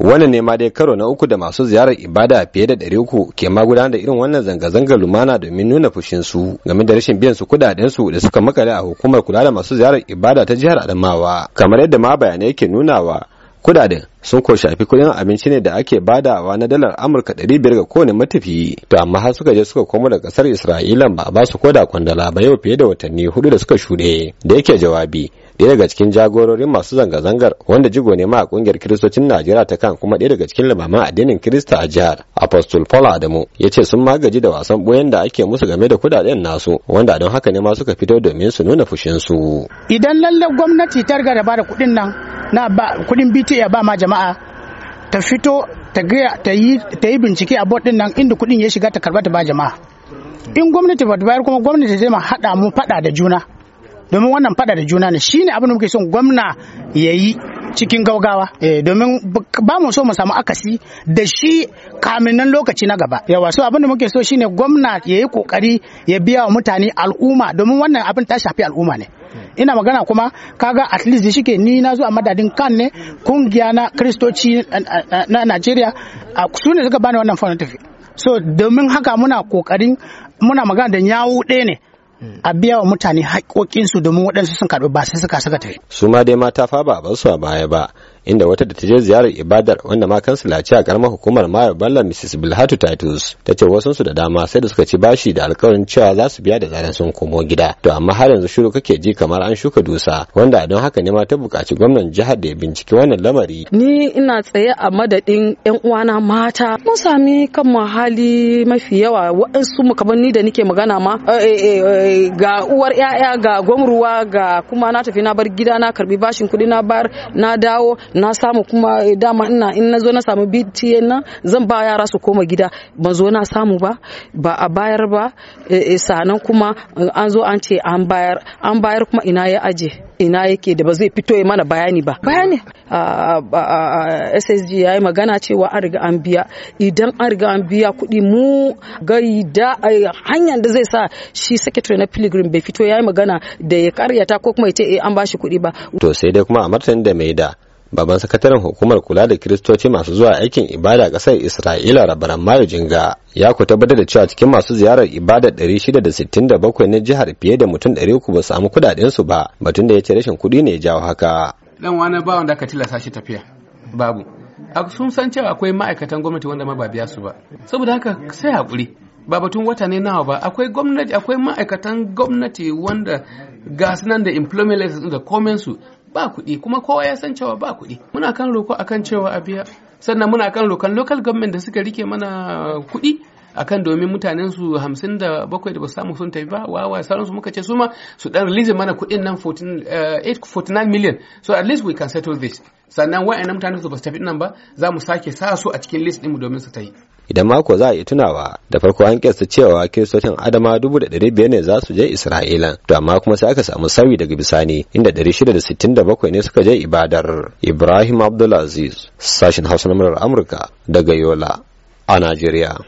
wannan ne ma dai karo na uku da masu ziyarar ibada fiye da ɗari uku ke ma gudanar da irin wannan zanga-zangar lumana domin nuna fushin su game da rashin biyan su su da suka makale a hukumar kula da masu ziyarar ibada ta jihar adamawa kamar yadda ma bayanai ke nunawa kudaden sun ko shafi kudin abinci ne da ake badawa na dalar amurka ɗari biyar ga kowane matafiyi to amma har suka je suka komo da kasar isra'ila ba a ba su koda kwandala ba yau fiye da watanni hudu da suka shuɗe da yake jawabi ɗaya daga cikin jagororin masu zanga-zangar wanda jigo ne ma a kungiyar kiristocin najeriya ta kan kuma ɗaya daga cikin limaman addinin kirista a jihar apostle paul adamu ya ce sun magaji da wasan ɓoyen da ake musu game da kudaden nasu wanda don haka ne ma suka fito domin su nuna fushinsu idan lalle gwamnati ta riga da ba da kuɗin nan na ba kuɗin bta ba ma jama'a ta fito ta ta yi bincike a bot nan inda kuɗin ya shiga ta karɓa ta ba jama'a in gwamnati ba ta bayar kuma gwamnati zai ma haɗa mu faɗa da juna domin wannan fada da juna ne shine abin da muke son gwamna ya yi cikin gaugawa eh, domin ba mu so mu samu akasi da shi kamin nan lokaci na gaba yawa so abin da muke so shine gwamna ya yi kokari ya biya wa mutane al'umma domin wannan abin ta shafi al'umma ne ina magana kuma kaga at least da shike ni na zo a madadin kan ne kungiya na kristoci eh, eh, na Najeriya su ne suka bani wannan fanatif so domin haka muna kokarin muna magana da nyawu ɗaya ne a biya wa mutane haƙoƙinsu domin waɗansu sun karɓi ba sai suka suka tafi. su ma dai mata fa ba a su a baya ba inda wata da ta je ziyarar ibadar wanda ma kansu ce a karamar hukumar mayar balla mrs bilhatu titus ta ce wasu su da dama sai da suka ci bashi da alkawarin cewa za su biya da zaran sun komo gida to amma har yanzu shiru kake ji kamar an shuka dusa wanda don haka ne ma ta buƙaci gwamnan jihar da ya binciki wannan lamari ni ina tsaye a madadin yan uwana mata mun sami kan hali mafi yawa waɗansu mu kamar ni da nike magana ma eh, eh, eh, ga uwar 'ya'ya ga gwamruwa ga kuma na tafi na bar gida na karbi bashin kuɗi na bar na dawo na samu kuma eh, dama ina in na zo na samu BTN nan zan ba yara su koma gida ban zo na samu ba ba a bayar ba eh, eh, sanan kuma an zo an ce an bayar an bayar kuma ina ya aje ina yake da ba zai fito ya mana bayani ba bayani ssg ya yi magana cewa an riga an biya idan an riga an biya kuɗi mu gai da hanyar da zai sa shi secretary na pilgrim bai fito ya yi magana da ya karyata ko kuma ya ce an ba shi kuɗi ba to sai dai kuma a martanin da mai da babban sakataren hukumar kula da kiristoci masu zuwa aikin ibada a ƙasar isra'ila rabaran mayu jinga ya ku tabbatar da cewa cikin masu ziyarar ibada 667 na jihar fiye da mutum 300 ba samu kudadensu ba batun da ya ce rashin kuɗi ne ya jawo haka dan wani ba wanda aka tilasta shi tafiya babu sun san cewa akwai ma'aikatan gwamnati wanda ma ba biya su ba saboda haka sai hakuri ba batun wata ne nawa ba akwai gwamnati akwai ma'aikatan gwamnati wanda ga nan da employment da komen su ba kuɗi kuma kowa ya san cewa ba kuɗi muna kan roko akan cewa a biya sannan muna kan rokan local government da suka rike mana kuɗi akan domin mutanen su hamsin da ba samu sun tafi ba wawa sauransu muka ce su ma su dan release mana kuɗin nan 49 eh, million so at least we can settle this sannan wayannan mutane su ba su tafi nan ba za mu sake sa su a cikin list ɗinmu domin su ta yi idan mako za a yi tunawa da farko an kiyasta cewa kiristocin adama dubu da ɗari biyar ne za su je isra'ila to amma kuma sai aka samu sauyi daga bisani inda ɗari shida da sittin da bakwai ne suka je ibadar ibrahim abdulaziz sashin hausa na murar amurka daga yola a najeriya